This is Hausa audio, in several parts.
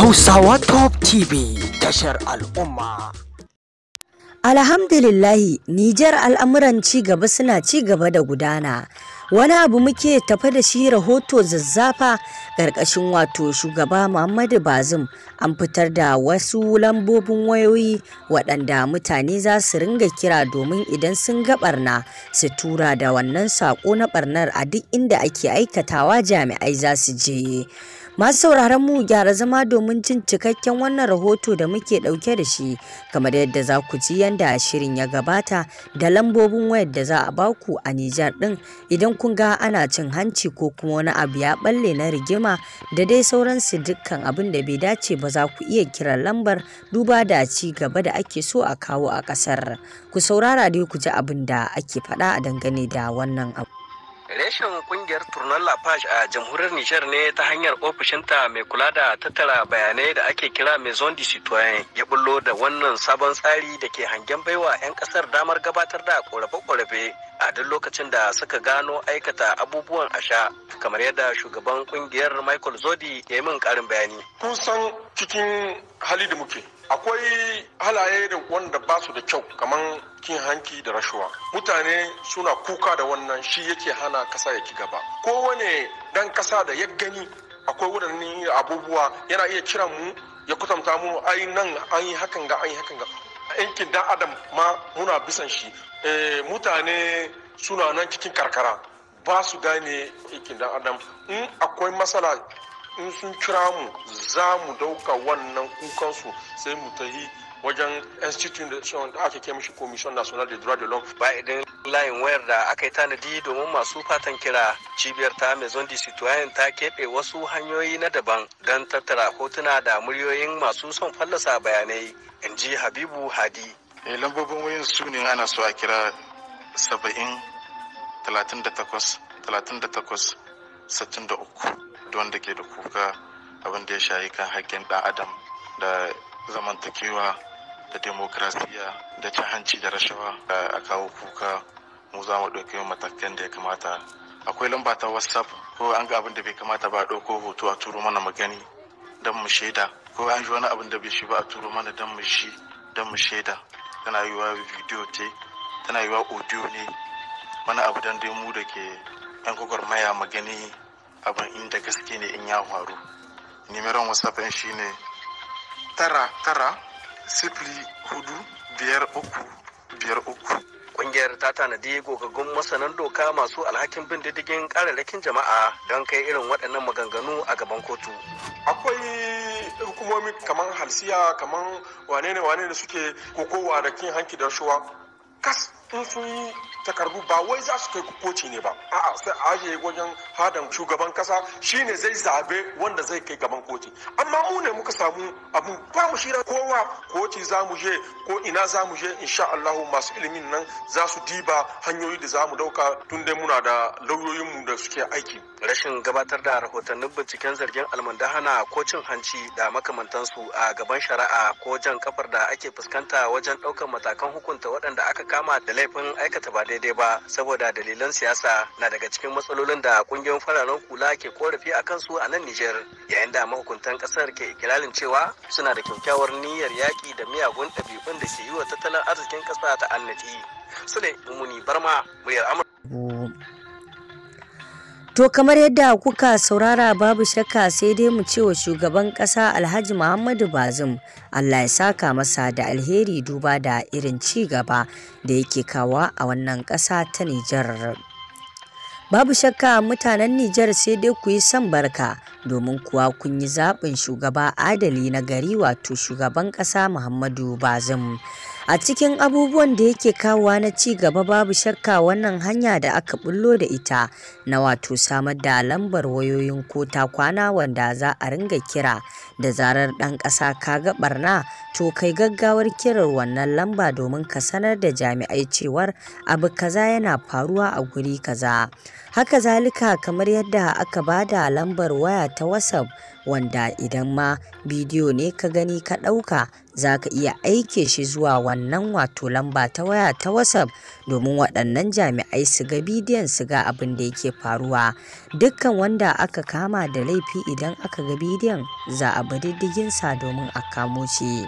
Hausawa Top TV tashar al'umma. Alhamdulillahi Nijar al'amuran ci gaba suna ci gaba da gudana. Wani abu muke tafa da shi rahoto zazzafa ƙarƙashin wato shugaba Muhammadu Bazum an fitar da wasu lambobin wayoyi waɗanda mutane za su ringa kira domin idan sun ga ɓarna su tura da wannan saƙo na ɓarnar a duk inda ake aikatawa jami'ai za su je. Masu sauraron mu gyara zama domin jin cikakken wannan rahoto da muke dauke da shi, kamar yadda za ku ji yanda shirin ya gabata da lambobin wayar da za a baku a Nijar din idan kun ga ana cin hanci ko kuma wani abu ya balle na rigima da dai sauransu dukkan abin da bai dace ba za ku iya kira lambar duba da ci gaba da ake so a kawo a kasar Ku saurara dai ku ji abin da ake faɗa a dangane da wannan abu. sashen kungiyar Turnon Lafash a jamhuriyar Nijar ne ta hanyar ofishinta mai kula da tattara bayanai da ake kira Maison du Citoyen ya bullo da wannan sabon tsari da ke hangen baiwa 'yan kasar damar gabatar da korafe-korafe a duk lokacin da suka gano aikata abubuwan asha kamar yadda shugaban kungiyar Michael Zodi ya yi min karin bayani. Kun san cikin hali da muke akwai halaye da wanda ba su da kyau kamar kin hanki da rashuwa mutane suna kuka da wannan shi yake hana kasa ya ci gaba kowane dan kasa da ya gani akwai wadannan abubuwa yana iya kiran mu ya kusanta mu ai nan an yi hakan ga an yi hakan ga yankin dan adam ma muna bisan shi eh, mutane suna nan cikin karkara ba su gane yankin dan adam in akwai matsala in sun kira mu za mu dauka wannan kukansu sai mu ta yi wajen institution da aka kai mishi commission national de droit de l'homme ba idan layin wayar da aka yi tanadi domin masu fatan kira cibiyar ta maison du citoyen ta keɓe wasu hanyoyi na daban don tattara hotuna da muryoyin masu son fallasa bayanai in ji habibu hadi eh, lambobin wayan su ne ana so a kira saba'in talatin da takwas talatin da takwas da uku wanda ke da kuka abin da ya shayi kan haƙƙin ɗan adam da zamantakewa da demokrasiya da cin hanci da rashawa a kawo kuka mu za mu ɗauki matakan da ya kamata akwai lamba ta whatsapp ko an ga abin da bai kamata ba a ɗauko hoto a turo mana magani don mu shaida ko an ji wani abin da bai shi ba a turo mana don mu shi don mu shaida tana yiwa bidiyo te tana yiwa audio ne mana abu don dai mu da ke yan gwagwarmaya magani abin inda gaske ne in ya faru nimiran wasafin ne. tara tara sifili hudu biyar uku biyar uku kungiyar ta tanadi gogaggun masanan doka masu alhakin bin diddigin kararrakin jama'a don kai irin waɗannan maganganu a gaban kotu akwai hukumomi kamar halsiya kamar wane ne wane ne suke kokowa da kin hanki da shuwa kas in sun yi takardu ba wai za su kai ku koci ne ba a'a sai a ajiye wajen hadan shugaban kasa shine zai zabe wanda zai kai gaban koci amma mu ne muka samu abu ba mu shira kowa koci za mu je ko ina za mu je insha Allah masu ilimin nan za su diba hanyoyi da za mu dauka tun dai muna da lauyoyin mu da suke aiki rashin gabatar da rahotannin binciken zargin almundahana ko cin hanci da makamantansu a gaban shari'a ko jan kafar da ake fuskanta wajen ɗaukar matakan hukunta waɗanda aka kama da laifin aikata ba daidai ba saboda dalilan siyasa na daga cikin matsalolin da kungiyoyin fararen kula ke korafi a kansu a nan Nijar yayin da mahukuntan kasar ke ikirarin cewa suna da kyakkyawar niyyar yaƙi da miyagun ɗabi'un da ke yi wa tattalin arzikin ƙasa ta annati. Sule Mumuni Barma, muryar Amurka. To kamar yadda kuka saurara babu shakka sai dai mu wa shugaban ƙasa Alhaji Muhammadu Bazum Allah ya saka masa da alheri duba da irin ci gaba da yake kawa a wannan ƙasa ta Nijar. Babu shakka mutanen Nijar sai dai ku yi son barka domin kuwa kun yi zaɓin shugaba adali na gari wato shugaban ƙasa Muhammadu Bazum. A cikin abubuwan da yake kawowa na ci gaba babu shakka wannan hanya da aka bullo da ita na wato samar da lambar wayoyin kota kwana wanda za a ringa kira da zarar ɗan ƙasa ka ga barna to kai gaggawar kirar wannan lamba domin ka sanar da jami'ai cewar abu kaza yana faruwa a guri kaza. Haka zalika kamar yadda aka bada lambar waya ta WhatsApp wanda idan ma bidiyo ne ka gani ka ɗauka za ka iya aike shi zuwa wannan wato lamba ta waya ta WhatsApp domin waɗannan jami'ai su ga bidiyon su ga abin da yake faruwa. Dukkan wanda aka kama da laifi idan aka ga bidiyon za a bi sa domin a kamo shi.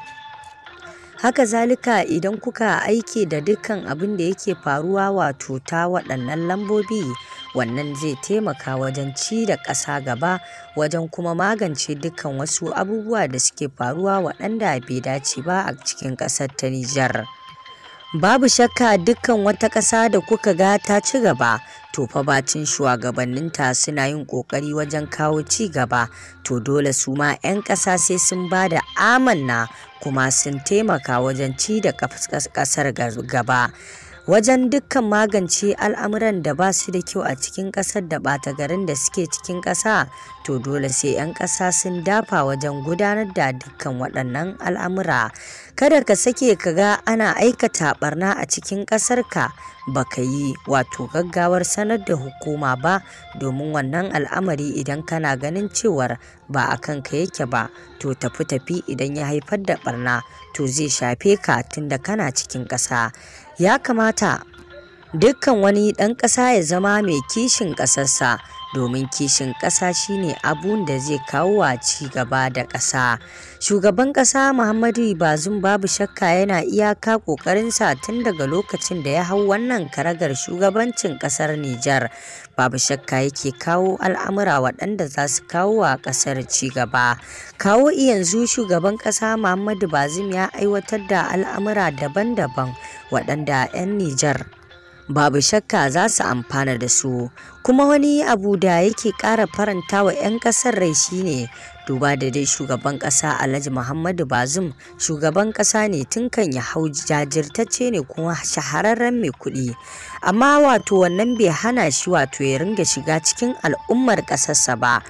Haka zalika idan kuka aike da dukkan abin da yake faruwa wato ta waɗannan lambobi, wannan zai taimaka wajen ci da ƙasa gaba wajen kuma magance dukkan wasu abubuwa da suke faruwa waɗanda bai dace ba a cikin ƙasar ta Nijar. Babu shakka dukkan wata ƙasa da kuka ga ta ci gaba, to fa bacin shugabanninta suna yin ƙoƙari wajen kawo ci gaba, to dole su ma 'yan ƙasa sai sun ba da amanna kuma sun taimaka wajen ci da ƙasar gaba. wajen dukkan magance al'amuran da ba su da kyau a cikin ƙasar da bata garin da suke cikin ƙasa to dole sai 'yan ƙasa sun dafa wajen gudanar da dukkan waɗannan al'amura kada ka sake ka ga ana aikata barna a cikin ka ba ka yi wato gaggawar sanar da hukuma ba domin wannan al'amari idan kana ganin cewar ba a kanka yake ba to tafi tafi idan ya haifar da barna to zai shafe ka da kana cikin ƙasa ya kamata dukkan wani ɗan ƙasa ya zama mai kishin ƙasarsa domin kishin ƙasa shine abun da zai kawo wa ci gaba da ƙasa. Shugaban ƙasa Muhammadu Bazum babu shakka yana iyaka sa tun daga lokacin da ya hau wannan karagar shugabancin ƙasar Nijar. Babu shakka yake kawo al'amura waɗanda za su kawo wa ƙasar ci gaba. Kawo yanzu shugaban ƙasa Muhammadu Bazum ya aiwatar da al'amura daban-daban waɗanda 'yan Nijar babu shakka za su amfana da su kuma wani abu da yake ƙara faranta wa 'yan ƙasar rai shine duba da dai shugaban ƙasa alhaji muhammadu bazum shugaban ƙasa ne tun kan ya hau jajirtacce ne kuma shahararren mai kuɗi amma wato wannan bai hana shi wato ya ringa shiga cikin al'ummar ƙasarsa ba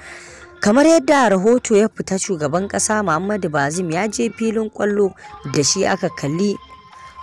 kamar yadda rahoto ya fita shugaban ƙasa muhammadu bazum ya je filin kwallo da shi aka kalli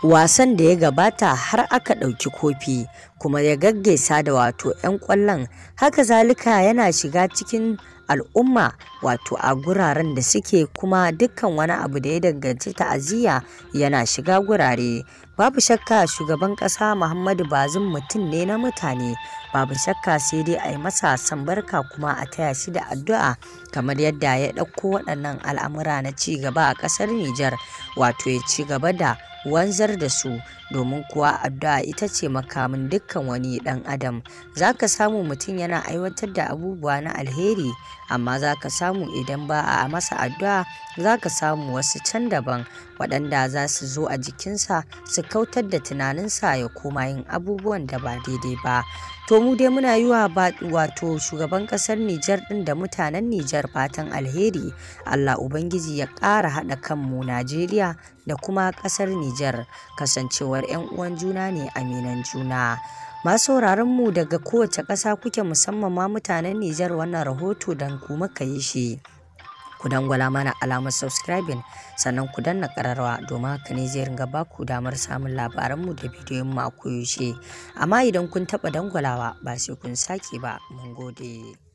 wasan da ya gabata har aka ɗauki kofi kuma ya gaggesa da wato 'yan kwallon haka zalika yana shiga cikin al'umma wato a guraren da suke kuma dukkan wani abu da ya danganci ta'aziyya yana shiga gurare babu shakka shugaban kasa muhammadu bazin mutum ne na mutane babu shakka sai dai a yi masa sambarka kuma a taya shi da addu'a kamar yadda ya ɗauko waɗannan al'amura na cigaba a ƙasar nijar wato ya ci gaba da wanzar da su domin kuwa addu'a ita ce makamin dukkan wani ɗan adam za ka samu mutum yana aiwatar da abubuwa na alheri amma za ka samu idan ba a masa addu'a za ka samu wasu can daban waɗanda za su zo a jikinsa su kautar da tunaninsa ya koma yin abubuwan da ba daidai ba to mu dai muna yi wa wato shugaban ƙasar Nijar ɗin da mutanen Nijar fatan alheri Allah ubangiji ya ƙara haɗa kanmu Najeriya da kuma ƙasar Nijar kasancewar 'yan uwan juna ne aminan juna masu mu daga kowace ƙasa kuke musamman ma mutanen Nijar wannan rahoto don kuma ka yi shi. ku dangwala mana alamar subscribing sannan ku danna kararwa domin haka ne zai ringa baku damar samun labaranmu da bidiyon mu a koyaushe amma idan kun taɓa dangwalawa ba sai kun sake ba mun gode